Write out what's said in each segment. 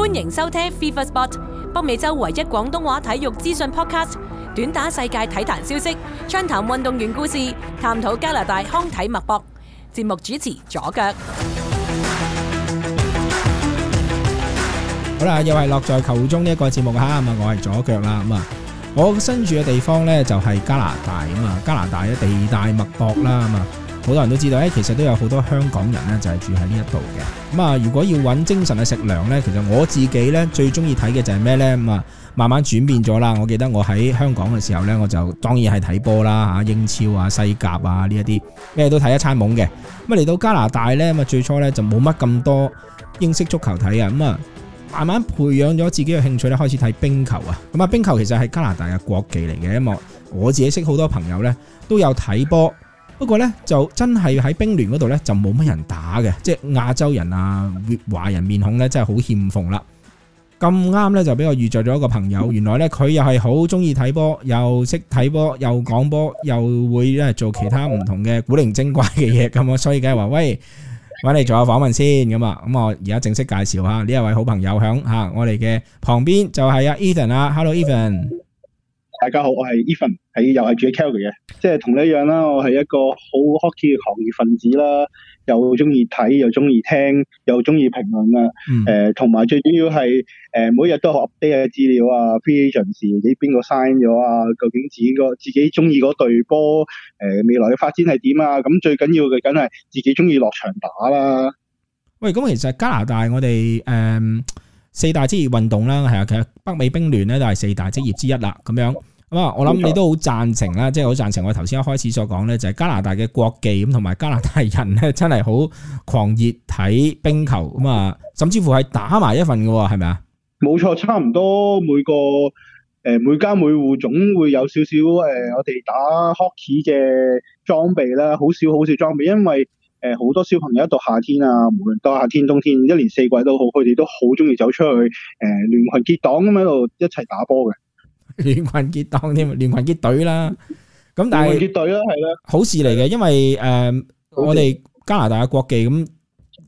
歡迎收聽 Fever Sports 北美洲唯一廣東話體育資訊 podcast，短打世界體壇消息，暢談運動員故事，探討加拿大康體脈搏。節目主持左腳，好啦，又係樂在球中呢一個節目吓，咁啊，我係左腳啦，咁啊，我身處嘅地方咧就係加拿大，咁啊，加拿大嘅地大脈搏啦，咁啊。好多人都知道咧、欸，其實都有好多香港人咧，就係、是、住喺呢一度嘅。咁、嗯、啊，如果要揾精神嘅食糧呢，其實我自己咧最中意睇嘅就係咩呢？咁啊、嗯，慢慢轉變咗啦。我記得我喺香港嘅時候呢，我就當然係睇波啦，嚇、啊、英超啊、西甲啊呢一啲咩都睇一餐懵嘅。咁、嗯、嚟到加拿大呢，咁啊最初呢就冇乜咁多英式足球睇嘅。咁、嗯、啊，慢慢培養咗自己嘅興趣咧，開始睇冰球啊。咁、嗯、啊，冰球其實係加拿大嘅國技嚟嘅。因為我自己識好多朋友呢都有睇波，不過咧就真係喺冰聯嗰度咧就冇乜人打嘅，即係亞洲人啊、華人面孔咧真係好欠奉啦。咁啱咧就俾我遇著咗一個朋友，原來咧佢又係好中意睇波，又識睇波，又講波，又會咧做其他唔同嘅古靈精怪嘅嘢，咁、嗯、我所以梗係話喂，搵你做下訪問先咁啊。咁、嗯、我而家正式介紹下呢一位好朋友響吓我哋嘅旁邊就係阿 Ethan 啊。Hello Ethan 大家好，我係 Ethan 喺又係住 Kelvin 嘅，即係同你一樣啦。我係一個好 hockey 嘅行業分子啦，又中意睇，又中意聽，又中意評論啊。誒、嗯，同埋、呃、最主要係誒、呃，每日都學 update 嘅資料啊 free agents，你邊個 sign 咗啊？究竟自己個自己中意嗰隊波誒，未來嘅發展係點啊？咁、嗯、最緊要嘅梗係自己中意落場打啦。喂，咁其實加拿大我哋誒。嗯四大職業運動啦，係啊，其實北美冰聯咧都係四大職業之一啦，咁樣咁啊，我諗你都好贊成啦，即係好贊成我頭先一開始所講咧，就係、是、加拿大嘅國技咁，同埋加拿大人咧真係好狂熱睇冰球咁啊，甚至乎係打埋一份㗎喎，係咪啊？冇錯，差唔多每個誒、呃、每家每戶總會有少少誒、呃、我哋打 hockey 嘅裝備啦，好少好少裝備，因為。誒好多小朋友一到夏天啊，無論到夏天、冬天，一年四季都好，佢哋都好中意走出去誒，聯群結黨咁喺度一齊打波嘅，聯群結黨添啊，聯群結隊啦。咁但係結隊啦，係啦。好事嚟嘅，因為誒，我哋加拿大嘅國技咁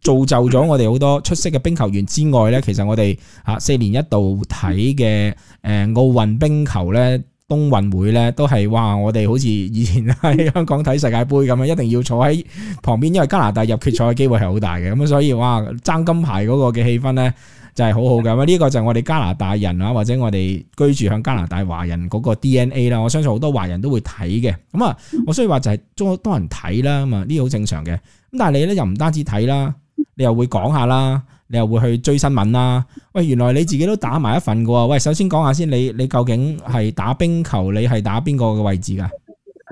造就咗我哋好多出色嘅冰球員之外咧，其實我哋嚇四年一度睇嘅誒奧運冰球咧。冬運會咧都係哇，我哋好似以前喺香港睇世界盃咁樣，一定要坐喺旁邊，因為加拿大入決賽嘅機會係好大嘅，咁所以哇爭金牌嗰個嘅氣氛咧就係、是、好好嘅。咁呢個就係我哋加拿大人啊，或者我哋居住喺加拿大華人嗰個 DNA 啦，我相信好多華人都會睇嘅，咁啊我雖然話就係多多人睇啦，咁啊呢啲好正常嘅，咁但係你咧又唔單止睇啦，你又會講下啦。你又會去追新聞啦、啊？喂，原來你自己都打埋一份㗎喎、啊。喂，首先講下先，你你究竟係打冰球？你係打邊個嘅位置㗎？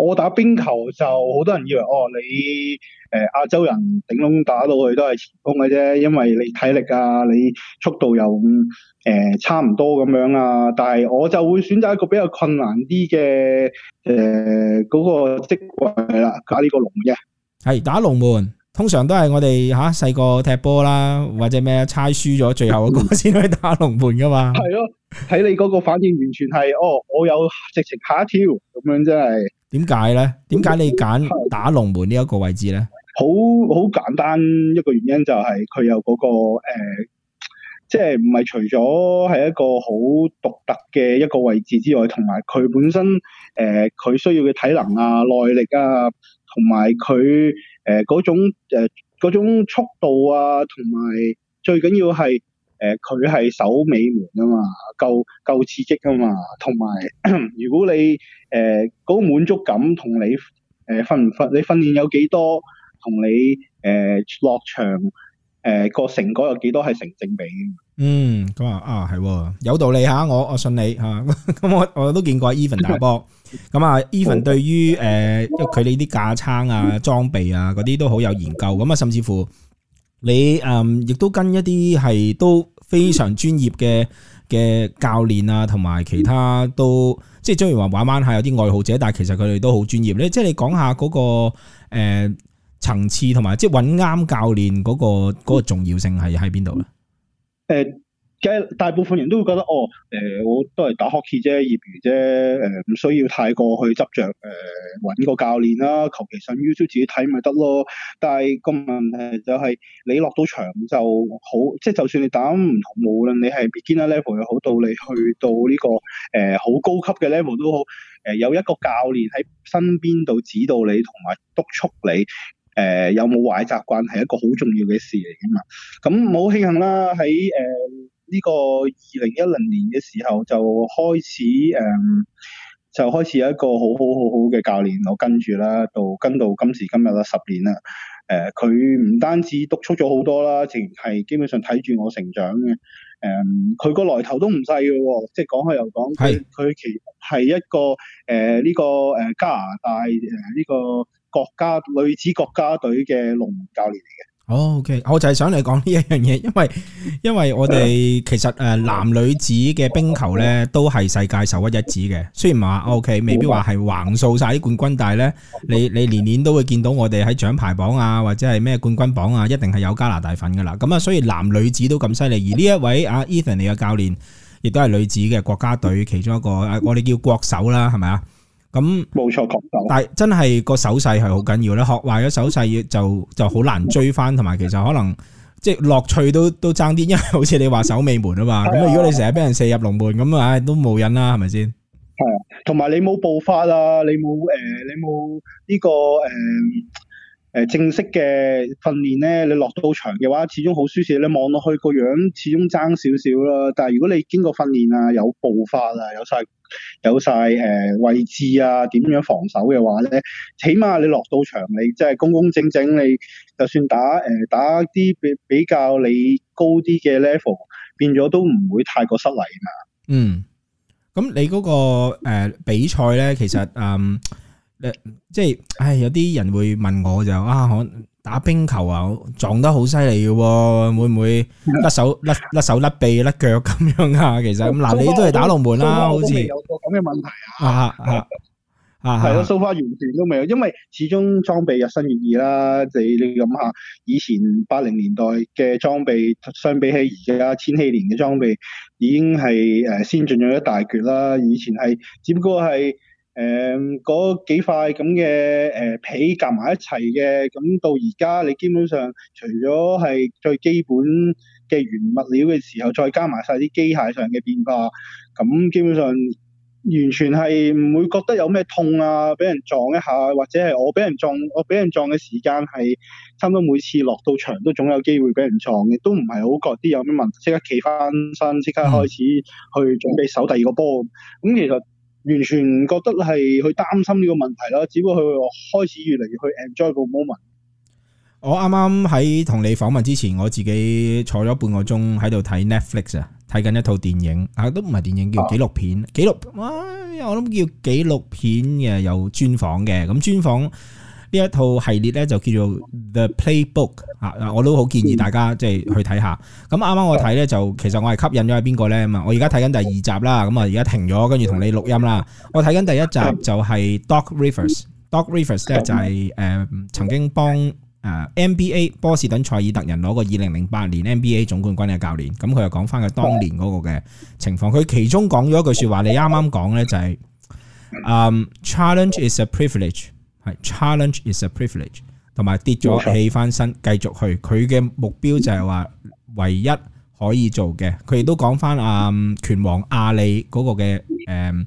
我打冰球就好多人以為哦，你誒、呃、亞洲人頂籠打到去都係前鋒嘅啫，因為你體力啊，你速度又誒、呃、差唔多咁樣啊。但係我就會選擇一個比較困難啲嘅誒嗰個職位啦，打呢個龍啫，係打龍門。通常都係我哋吓細個踢波啦，或者咩猜輸咗最後嗰個先去打龍門噶嘛。係咯，睇你嗰個反應完全係哦，我有直情吓一跳咁樣真，真係。點解咧？點解你揀打龍門呢一個位置咧？好好簡單一個原因就係佢有嗰個誒，即係唔係除咗係一個好獨特嘅一個位置之外，同埋佢本身誒，佢、呃、需要嘅體能啊、耐力啊，同埋佢。誒，嗰、呃、種誒，呃、種速度啊，同埋最緊要係誒，佢、呃、係守尾門啊嘛，夠夠刺激啊嘛，同埋如果你誒嗰、呃那個滿足感同你誒訓唔訓，你訓練有幾多，同你誒落、呃、場誒個、呃、成果有幾多係成正比嗯，咁、嗯、啊啊係，有道理吓，我我信你吓，咁、啊、 我我都見過 Ethan 打波。 咁啊，Ethan 對於誒，佢哋啲架撐啊、裝備啊嗰啲都好有研究。咁啊，甚至乎你誒，亦、嗯、都跟一啲係都非常專業嘅嘅教練啊，同埋其他都即係雖然話玩玩下有啲愛好者，但係其實佢哋都好專業。咧、啊，即係你講下嗰、那個誒層、呃、次，同埋即係揾啱教練嗰、那個、那個重要性係喺邊度咧？呃大部分人都會覺得哦，誒、呃、我都係打 hockey 啫、呃，業餘啫，誒唔需要太過去執着誒揾、呃、個教練啦，求其上 YouTube 自己睇咪得咯。但係個問題就係你落到場就好，即係就算你打唔，無論你係 beginner level 又好，到你去到呢、這個誒好、呃、高級嘅 level 都好，誒、呃、有一個教練喺身邊度指導你同埋督促你，誒有冇壞習慣係一個好重要嘅事嚟㗎嘛。咁好慶幸啦，喺、嗯、誒～呢個二零一零年嘅時候就開始誒、嗯，就開始一個好好好好嘅教練，我跟住啦，到跟到今時今日啦，十年啦。誒、呃，佢唔單止督促咗好多啦，淨係基本上睇住我成長嘅。誒、嗯，佢個來頭都唔細嘅喎，即係講開又講，佢佢是其實係一個誒呢、呃這個誒加拿大誒呢、呃這個國家女子國家隊嘅龍門教練嚟嘅。好、oh, OK，我就係想嚟講呢一樣嘢，因為因為我哋其實誒男女子嘅冰球咧都係世界首屈一指嘅，雖然話 OK，未必話係橫掃晒啲冠軍，但係咧你你年年都會見到我哋喺獎牌榜啊或者係咩冠軍榜啊，一定係有加拿大份㗎喇。咁啊，所以男女子都咁犀利，而呢一位啊、e、Ethan 你嘅教練亦都係女子嘅國家隊其中一個，誒我哋叫國手啦，係咪啊？咁冇錯講，但係真係個手勢係好緊要咧，學壞咗手勢就就好難追翻，同埋其實可能即係樂趣都都爭啲，因為好似你話守尾門啊嘛，咁啊如果你成日俾人射入龍門，咁啊唉都冇癮啦，係咪先？係啊，同埋你冇步法啦，你冇誒、呃，你冇呢、這個誒誒、呃、正式嘅訓練咧，你落到場嘅話，始終好舒適，你望落去個樣，始終爭少少啦。但係如果你經過訓練啊，有步法啊，有晒。有晒誒位置啊，點樣防守嘅話咧，起碼你落到場你即係工工整整，你就算打誒打啲比比較你高啲嘅 level，變咗都唔會太過失禮嘛。嗯那個呃。嗯，咁你嗰個誒比賽咧，其實嗯。即係，唉，有啲人會問我就，啊，可打冰球啊，撞得好犀利嘅，會唔會甩手甩甩手甩臂甩腳咁樣啊？其實咁嗱，你都係打龍門啦，好似有冇咁嘅問題啊？啊係咯，蘇花、啊、完全都未有，因為始終裝備日新月異啦。你你諗下，以前八零年代嘅裝備，相比起而家千禧年嘅裝備，已經係誒先進咗一大截啦。以前係只不過係。誒嗰、嗯、幾塊咁嘅誒被夾埋一齊嘅，咁到而家你基本上除咗係最基本嘅原物料嘅時候，再加埋晒啲機械上嘅變化，咁基本上完全係唔會覺得有咩痛啊，俾人撞一下，或者係我俾人撞，我俾人撞嘅時間係差唔多每次落到場都總有機會俾人撞嘅，都唔係好覺得有咩問題，即刻企翻身，即刻開始去準備守第二個波。咁其實。完全唔覺得係去擔心呢個問題啦，只不過佢開始越嚟越去 enjoy 個 moment。我啱啱喺同你訪問之前，我自己坐咗半個鐘喺度睇 Netflix 啊，睇緊一套電影啊，都唔係電影，叫紀錄片。紀錄啊，我諗叫紀錄片嘅有專訪嘅，咁專訪。呢一套系列咧就叫做 The Playbook 嚇，我都好建議大家即係去睇下。咁啱啱我睇咧就其實我係吸引咗係邊個咧嘛？我而家睇緊第二集啦，咁啊而家停咗，跟住同你錄音啦。我睇緊第一集就係 Doc Rivers Doc Rivers，Doc Rivers 咧就係、是、誒、呃、曾經幫誒 NBA 波士頓賽爾特人攞過二零零八年 NBA 總冠軍嘅教練。咁佢又講翻佢當年嗰個嘅情況。佢其中講咗一句説話，你啱啱講咧就係、是呃、Challenge is a privilege。係 challenge is a privilege，同埋跌咗起翻身，繼續去佢嘅目標就係話唯一可以做嘅。佢亦都講翻啊拳王阿里嗰個嘅誒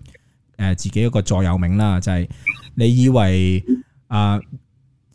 誒自己一個座右銘啦，就係、是、你以為啊、呃、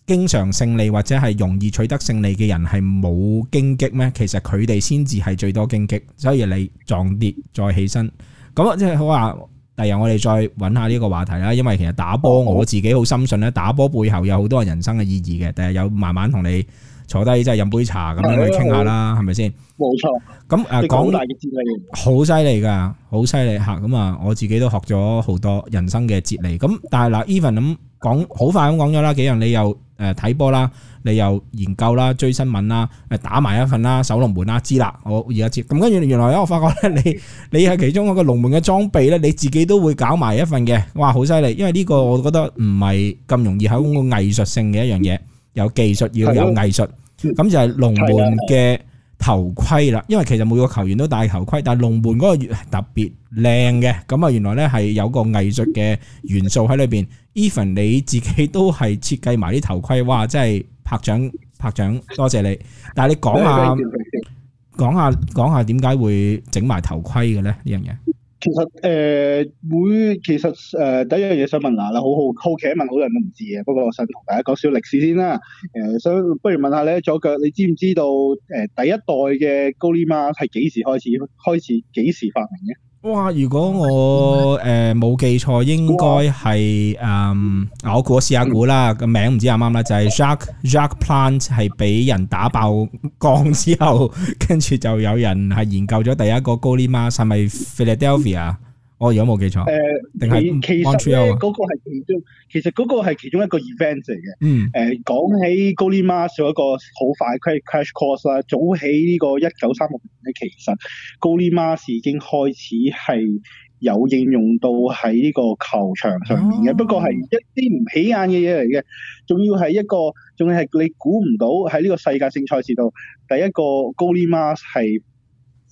經常勝利或者係容易取得勝利嘅人係冇荊棘咩？其實佢哋先至係最多荊棘，所以你撞跌再起身，咁即係好話！第日我哋再揾下呢個話題啦，因為其實打波我自己好深信咧，打波背後有好多人生嘅意義嘅。第日有慢慢同你坐低，即係飲杯茶咁樣去傾下啦，係咪先？冇錯。咁誒，講大嘅哲理，好犀利㗎，好犀利嚇。咁啊，我自己都學咗好多人生嘅哲理。咁但係嗱，Ethan 咁講好快咁講咗啦幾樣，你又～誒睇波啦，你又研究啦，追新聞啦，誒打埋一份啦，守龍門啦，知啦，我而家知。咁跟住原來咧，我發覺咧，你你係其中一個龍門嘅裝備咧，你自己都會搞埋一份嘅，哇，好犀利！因為呢個我覺得唔係咁容易，係個藝術性嘅一樣嘢，有技術要有藝術。咁就係龍門嘅頭盔啦，因為其實每個球員都戴頭盔，但係龍門嗰個特別靚嘅，咁啊原來咧係有個藝術嘅元素喺裏邊。Ethan 你自己都係設計埋啲頭盔，哇！真係拍掌拍掌，多謝你。但係你講下你你講下講下點解會整埋頭盔嘅咧？呢樣嘢其實誒、呃、會，其實誒、呃、第一樣嘢想問下，啦，好好好奇一問好多人都唔知嘅。不過我想同大家講少少歷史先啦。誒、呃，想不如問下咧左腳，你知唔知道誒第一代嘅 goalie mask 係幾時開始幾時開始幾時發明嘅？哇！如果我誒冇、呃、記錯，應該係誒、嗯、我估下試下估啦。個名唔知啱唔啱啦，就係、是、Jacques Jacques Plant 係俾人打爆缸之後，跟住就有人係研究咗第一個 goalie mask，係咪 Philadelphia？我如果冇記錯，誒、呃，你是其實咧嗰 on trail? 個係其中，其實嗰個係其中一個 event 嚟嘅。嗯，誒、呃，講起 goalie mask 上一個好快，佢係 crash course 啦。早起呢個一九三六年咧，其實 goalie mask 是已經開始係有應用到喺呢個球場上面嘅。啊、不過係一啲唔起眼嘅嘢嚟嘅，仲要係一個，仲要係你估唔到喺呢個世界性賽事度，第一個 goalie mask 係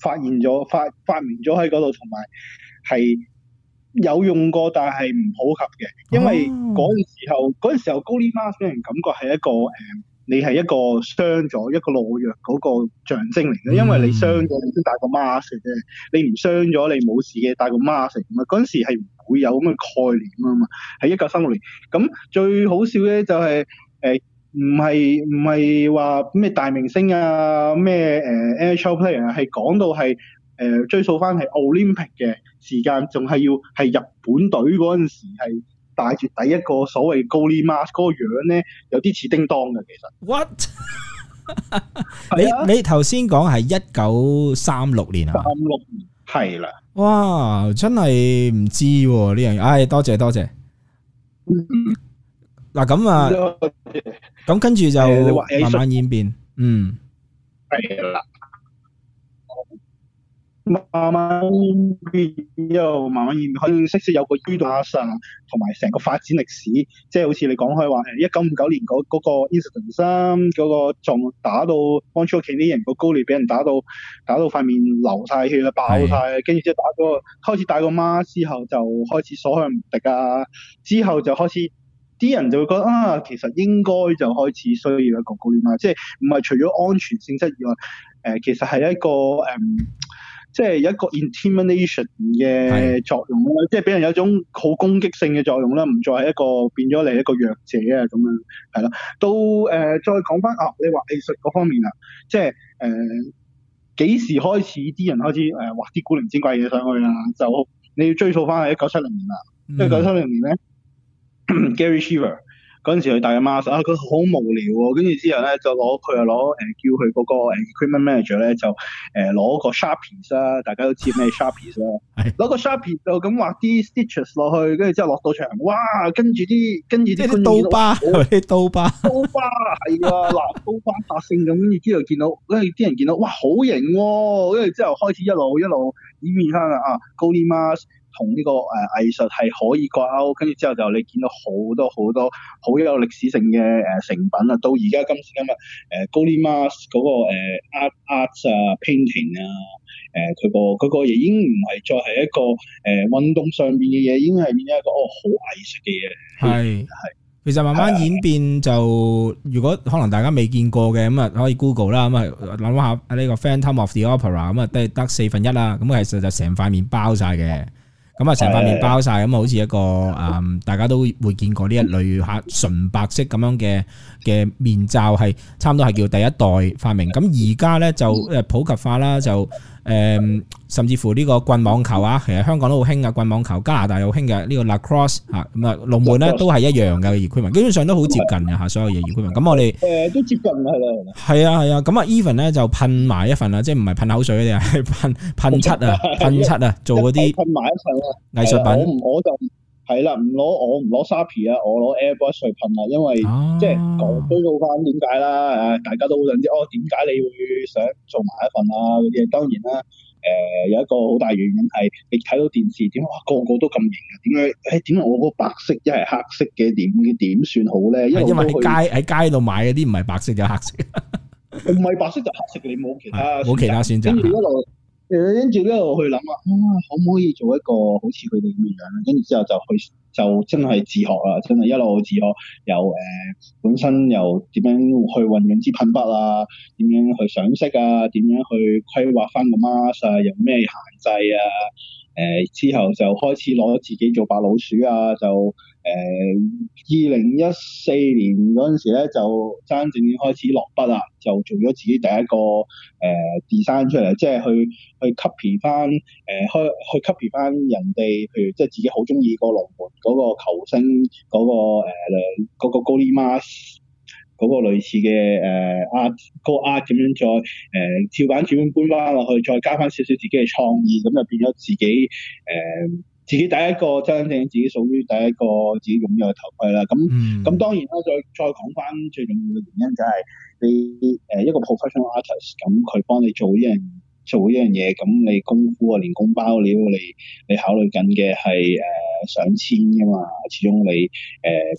發現咗發發明咗喺嗰度，同埋。係有用過，但係唔普及嘅，因為嗰陣時候，陣、哦、時候 goalie mask 俾人感覺係一個誒、呃，你係一個傷咗，一個懦弱嗰個象徵嚟嘅，因為你傷咗，你先戴個 mask 嘅，你唔傷咗，你冇事嘅，戴個 mask 咁啊，嗰陣時係唔會有咁嘅概念啊嘛，係一九三六年，咁最好笑嘅就係、是、誒，唔係唔係話咩大明星啊，咩誒、呃、NHL player 係講到係。誒追溯翻係奧林匹克嘅時間，仲係要係日本隊嗰陣時係戴住第一個所謂高領 mask，嗰個樣咧有啲似叮當嘅其實。What？你你頭先講係一九三六年啊？三六年係啦。哇！真係唔知呢樣嘢，唉，多謝多謝。嗱咁啊，咁跟住就慢慢演變。嗯，係啦。慢慢又慢慢可以識識有個 d a t 同埋成個發展歷史，即係好似你講開話誒，一九五九年嗰、嗰個 instant 三嗰個仲、嗰個、打到 o n 安丘屋企啲人個高烈，俾人打到打到塊面流晒血啊，爆晒。跟住之後就打個開始帶個 mask，之後就開始所向唔敵啊，之後就開始啲人就會覺得啊，其實應該就開始需要一個高烈 mask，即係唔係除咗安全性質以外，誒、呃、其實係一個誒。嗯即係有一個 intimidation 嘅作用啦，的即係俾人有一種好攻擊性嘅作用啦，唔再係一個變咗嚟一個弱者啊咁樣，係啦。到誒、呃、再講翻啊，你話藝術嗰方面啊，即係誒幾時開始啲人開始誒畫啲古靈精怪嘢上去啊？就你要追溯翻喺一九七零年啦，一九七零年咧 Gerry Cheevers。嗰陣時佢戴緊 mask 啊，佢好無聊喎，跟住之後咧就攞佢又攞誒叫佢嗰、那個 equipment manager 咧就誒攞個 sharpies 啦，大家都知咩 sharpies 啦？攞個 sharpies 就咁畫啲 stitches 落去，跟住之後落到場，哇！跟住啲跟住啲刀疤，刀疤，刀疤係啊，嗱刀疤達勝咁，跟住之後見到跟住啲人見到哇好型喎、哦，跟住之後開始一路一路演變翻啦啊 goalie mask 同呢個誒藝術係可以掛鈎，跟住之後就你見到好多好多好有歷史性嘅誒成品、呃那個呃、Art, Art, 啊！到而家今時今日誒 Goliath 嗰個 Art Art 啊 Painting 啊誒，佢個佢個嘢已經唔係再係一個誒、呃、運動上邊嘅嘢，已經係變咗一個哦好藝術嘅嘢。係係是，其實慢慢演變就，如果可能大家未見過嘅咁啊，可以 Google 啦咁啊，諗下呢個 Phantom of the Opera 咁啊，得得四分一啊，咁藝術就成塊面包晒嘅。咁啊，成塊面包晒，咁啊，好似一個誒，大家都會見過呢一類嚇純白色咁樣嘅嘅面罩，係差唔多係叫第一代發明。咁而家咧就誒普及化啦，就。誒、嗯，甚至乎呢個棍網球啊，其實香港都好興嘅棍網球，加拿大好興嘅呢個 lacrosse 咁啊龍門咧都係一樣嘅熱區民基本上都好接近啊，嚇所有熱熱區民。咁我哋誒、嗯、都接近係啦，係啊係啊，咁啊 Ethan 咧就噴埋一份啊，即係唔係噴口水嘅，係 噴噴漆啊 噴漆啊，做嗰啲噴埋一份啊藝術品，我就。係啦，唔攞我唔攞 Sapi 啊，I, 我攞 airbrush 去噴啊，因為、啊、即係講追溯翻點解啦，誒大家都好想知哦，點解你會想做埋一份啊嗰啲嘢。當然啦，誒、呃、有一個好大原因係你睇到電視點，哇、哦、個個都咁型啊，點解誒點解我個白色一係黑色嘅點點算好咧？因為去因為喺街喺街度買嗰啲唔係白色就黑色，唔係白色就黑色，你冇其他冇其他選擇誒，跟住呢我去諗啊，可唔可以做一個好似佢哋咁嘅樣？跟住之後就去，就真係自學啊，真係一路自學，有誒、呃、本身又點樣去運用支噴筆啊，點樣去上色啊，點樣去規劃翻個 mask 啊，有咩限制啊？誒、呃，之後就開始攞自己做白老鼠啊，就～誒，二零一四年嗰陣時咧，就真正要開始落筆啦，就做咗自己第一個誒、uh, design 出嚟，即係去去 copy 翻誒開、uh, 去，去 copy 翻人哋，譬如即係自己好中意個龍門嗰、那個球星嗰、那個誒嗰、uh, 個 goalie mask 嗰個類似嘅誒、uh, art 高 art 咁樣，再誒照、uh, 板轉搬翻落去，再加翻少少自己嘅創意，咁就變咗自己誒。Uh, 自己第一個真正自己屬於第一個自己擁有嘅頭盔啦，咁咁、嗯、當然啦，再再講返最重要嘅原因就係、是、你誒、呃、一個 professional artist，咁佢幫你做呢樣做呢樣嘢，咁你功夫啊，連工包料，你你考慮緊嘅係誒上千噶嘛，始終你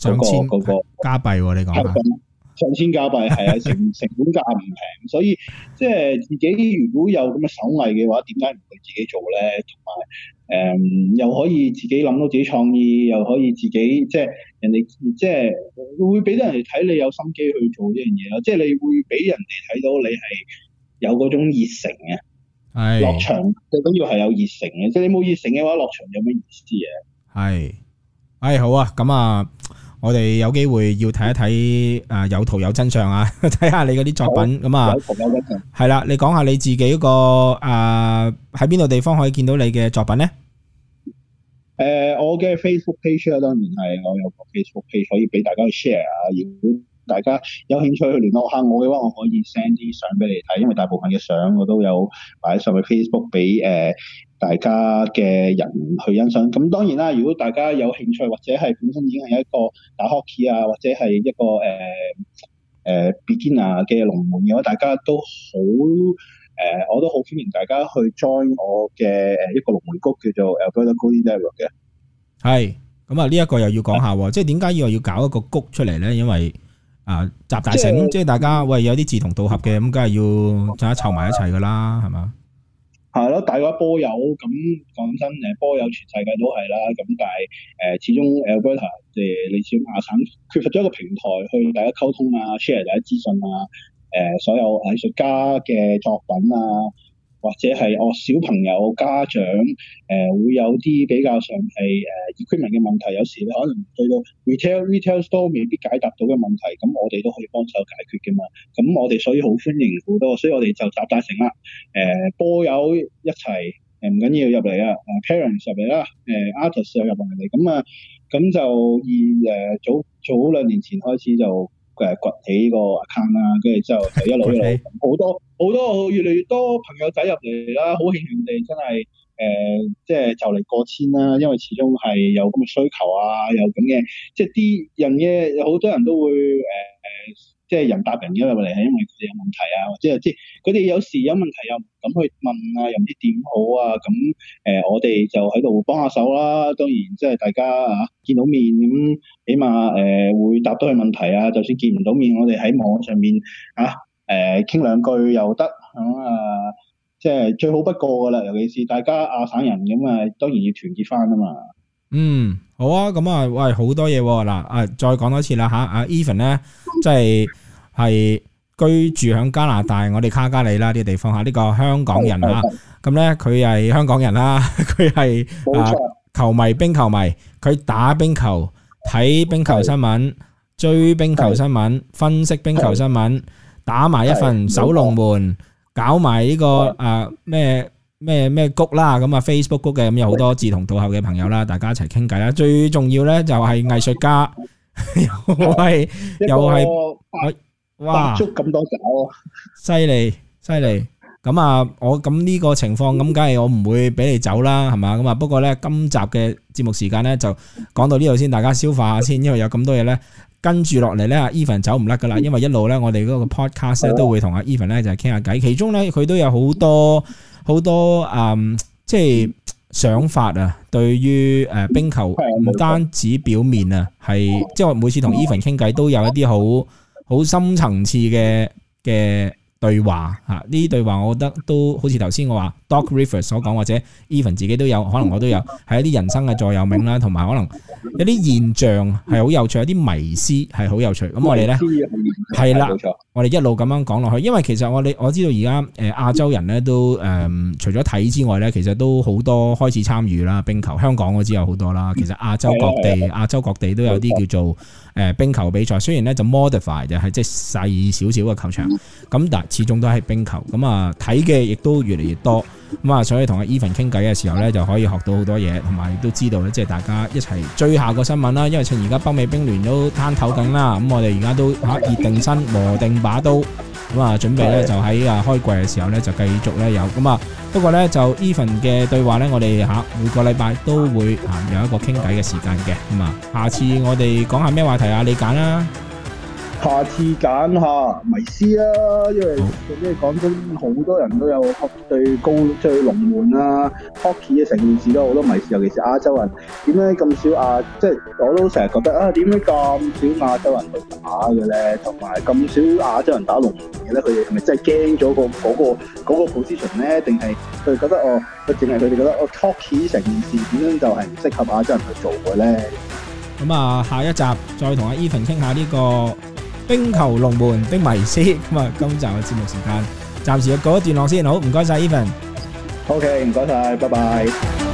誒嗰個嗰個加幣喎、啊，你講。上千加幣係啊，成成本價唔平， 所以即係自己如果有咁嘅手藝嘅話，點解唔去自己做咧？同埋誒，又可以自己諗到自己創意，又可以自己即係人哋即係會俾得人哋睇你有心機去做呢樣嘢咯。即係你會俾人哋睇到你係有嗰種熱誠嘅，的落場最緊要係有熱誠嘅。即係你冇熱誠嘅話，落場有咩意思嘅？係，係、哎、好啊，咁啊。我哋有機會要睇一睇啊、呃，有圖有真相啊！睇下你嗰啲作品咁啊，有圖有真相。係啦、嗯，你講下你自己個啊，喺邊度地方可以見到你嘅作品咧？誒、呃，我嘅 Facebook page 當然係，我有個 Facebook page 可以俾大家去 share 啊，如果，嗯大家有興趣去聯絡下我嘅話，我可以 send 啲相俾你睇，因為大部分嘅相我都有擺上去 Facebook 俾誒、呃、大家嘅人去欣賞。咁當然啦，如果大家有興趣或者係本身已經係一個打 hockey 啊，或者係一個誒誒 beginner 嘅龍門嘅話，大家都好誒、呃，我都好歡迎大家去 join 我嘅誒、呃、一個龍門谷叫做 Albert Coon Valley 嘅。係，咁啊呢一個又要講下喎， 即係點解要要搞一個谷出嚟咧？因為啊！集大成，即係是大家，喂，有啲志同道合嘅。咁梗係要大家湊埋一齊㗎啦，係嘛？係咯，大家波友，咁講真，誒波友全世界都係啦，咁但係誒、呃、始終 Alberta 誒、呃，你似亞省缺乏咗一個平台去大家溝通啊，share 大家資訊啊，誒、呃、所有藝術家嘅作品啊。呃或者係哦，小朋友家長誒會有啲比較上係誒 equipment 嘅問題，有時可能去到 retail retail store 未必解答到嘅問題，咁我哋都可以幫手解決嘅嘛。咁我哋所以好歡迎好多，所以我哋就集大成啦。誒波友一齊誒唔緊要入嚟啊，誒 parents 入嚟啦，誒 artists 又入埋嚟，咁啊咁就以誒早早兩年前開始就誒崛起個 account 啦，跟住之後就一路一路好多。好多越嚟越多朋友仔入嚟啦，好慶幸佢哋真係誒、呃，即係就嚟過千啦，因為始終係有咁嘅需求啊，有咁嘅即係啲人嘅好多人都會誒誒、呃，即係人答人嘅入嚟係因為佢哋有問題啊，或者係即係佢哋有時有問題又唔敢去問啊，又唔知點好啊，咁誒、呃、我哋就喺度幫下手啦。當然即係大家嚇、啊、見到面咁，起碼誒、呃、會答到佢問題啊。就算見唔到面，我哋喺網上面嚇。啊。誒，傾兩句又得咁啊，即係最好不過噶啦。尤其是大家亞省人咁啊，當然要團結翻啊嘛。嗯，好啊。咁啊，喂，好多嘢嗱啊，再講多次啦吓。阿 Ethan 咧，即係係居住響加拿大， 我哋卡加里啦呢個地方吓。呢、這個香港人啊，咁咧佢係香港人啦，佢 係是錯啊球迷，冰球迷，佢打冰球，睇冰球新聞，對追冰球新聞，對分析冰球新聞。對打埋一份守龍門，的搞埋呢、這個的啊咩咩咩谷啦，咁啊 Facebook 谷嘅，咁有好多志同道合嘅朋友啦，的大家一齊傾偈啦。最重要咧就係藝術家，又係又係哇，捉咁多狗，啊，犀利犀利。咁的啊，我咁呢個情況，咁梗係我唔會俾你走啦，係嘛？咁啊，不過咧，今集嘅節目時間咧就講到呢度先，大家消化下先，因為有咁多嘢咧。跟住落嚟咧，Evan 走唔甩噶啦，因為一路咧，我哋嗰個 podcast 咧都會同阿 Evan 咧就係傾下偈，其中咧佢都有好多好多啊、嗯，即係想法啊，對於誒冰球唔單止表面啊，係即係我每次同 Evan 傾偈都有一啲好好深層次嘅嘅對話吓，呢、啊、啲對話我覺得都好似頭先我話。Doc Rivers 所講，或者 Ethan 自己都有，可能我都有，係一啲人生嘅座右銘啦，同埋可能一啲現象係好有趣，有一啲迷思係好有趣。咁我哋呢，係啦，我哋一路咁樣講落去。因為其實我哋我知道而家誒亞洲人呢都誒、呃，除咗睇之外呢，其實都好多開始參與啦冰球。香港我知有好多啦，其實亞洲、嗯嗯、亞洲各地、亞洲各地都有啲叫做誒、呃、冰球比賽。雖然呢就 modify 就係即係細少少嘅球場，咁、嗯、但係始終都係冰球。咁啊睇嘅亦都越嚟越多。咁啊、嗯，所以同阿 Ethan 傾偈嘅時候呢，就可以學到好多嘢，同埋亦都知道呢，即係大家一齊追下個新聞啦。因為趁而家北美冰聯都攤頭緊啦、咁、嗯、我哋而家都吓熱定身磨定把刀，咁、嗯、啊，準備呢就喺啊開季嘅時候呢，就繼續呢有咁啊。不、嗯、過呢，就 Ethan 嘅對話呢，我哋吓每個禮拜都會啊有一個傾偈嘅時間嘅咁啊。下次我哋講下咩話題啊？你揀啦。下次揀下迷思啊，因為即係講真，好多人都有對攻、對龍門啊，hockey 成件事都好多迷思，尤其是亞洲人，點解咁少亞、啊、即係我都成日覺得啊，點解咁少亞洲人去打嘅咧？同埋咁少亞洲人打龍門嘅咧，佢哋係咪真係驚咗個嗰、嗰個嗰個 position 咧？定係佢哋覺得哦，佢淨係佢哋覺得哦 hockey 成件事點樣就係唔適合亞洲人去做嘅咧？咁啊，下一集再同阿 Ethan 傾下呢、呢個。.冰球龍門，冰迷思咁啊！今日，今集嘅節目時間，暫時要告一段落先。好，唔該晒，Ethan。O.K.，唔該晒，拜拜。